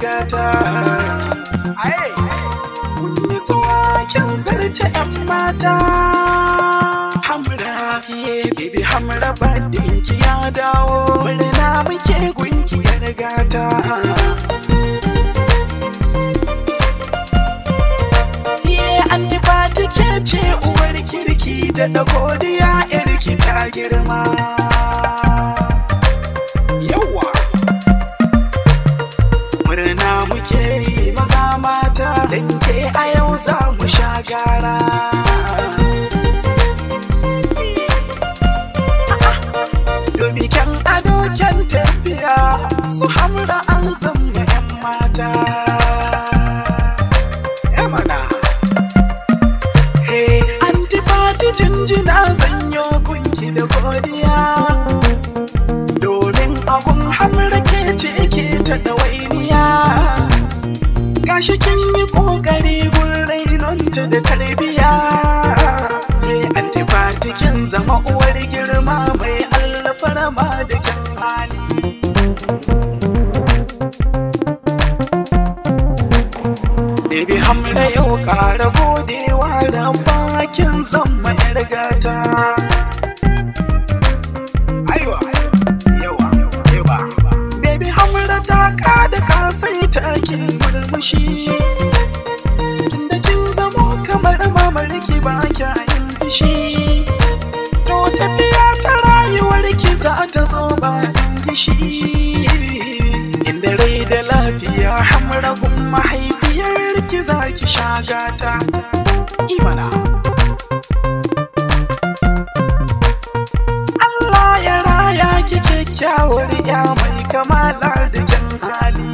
gata. Ai, mun yi tsawakin mata hamra fiye bibi hamra baddin ki ya dawo murna muke gunki ya riga ta ce uwar kirki da na godiya yarki ta girma yawa murna muke maza mata danke a yau za mu sha gara su hamra an zanga 'yan mata yamana hey eh, an jinjina zanyo kunki da godiya domin agun hamra ke ce ke ta dawainiya gashi kin yi kokari gun rainonta da tarbiya hey eh, an kin zama uwar girma mai alfarma da yau ƙara godewa ran bakin zan mai rigata aiwa yawa yawa baby hamra ta ka da ka sai take murmushi Tunda kin zamo kamar mamarki ba kya yin fishi to tafiya ta rayuwar ki za ta zo ba gishi inda rai da lafiya hamra kuma shagata imana Allah ya raya ki kyakkyawar ya mai kamala da jan hali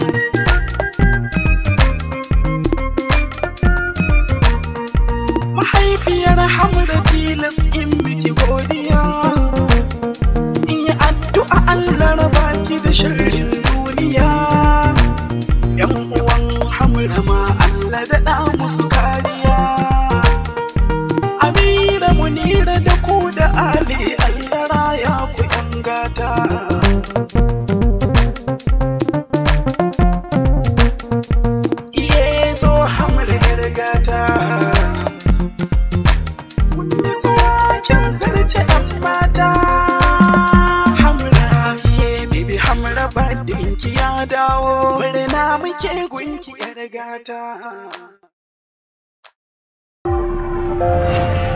mahaifiyar hamda tilas in biki godiya in addu'a Allah da shirin duniya yan uwan hamda ma Allah da su kariya amira munira da ku da ali allah raya ku yan gata iye zo hamar gargata mun zuwa kin zarce yan mata ki ya dawo murna muke gunki ya rigata Thank you.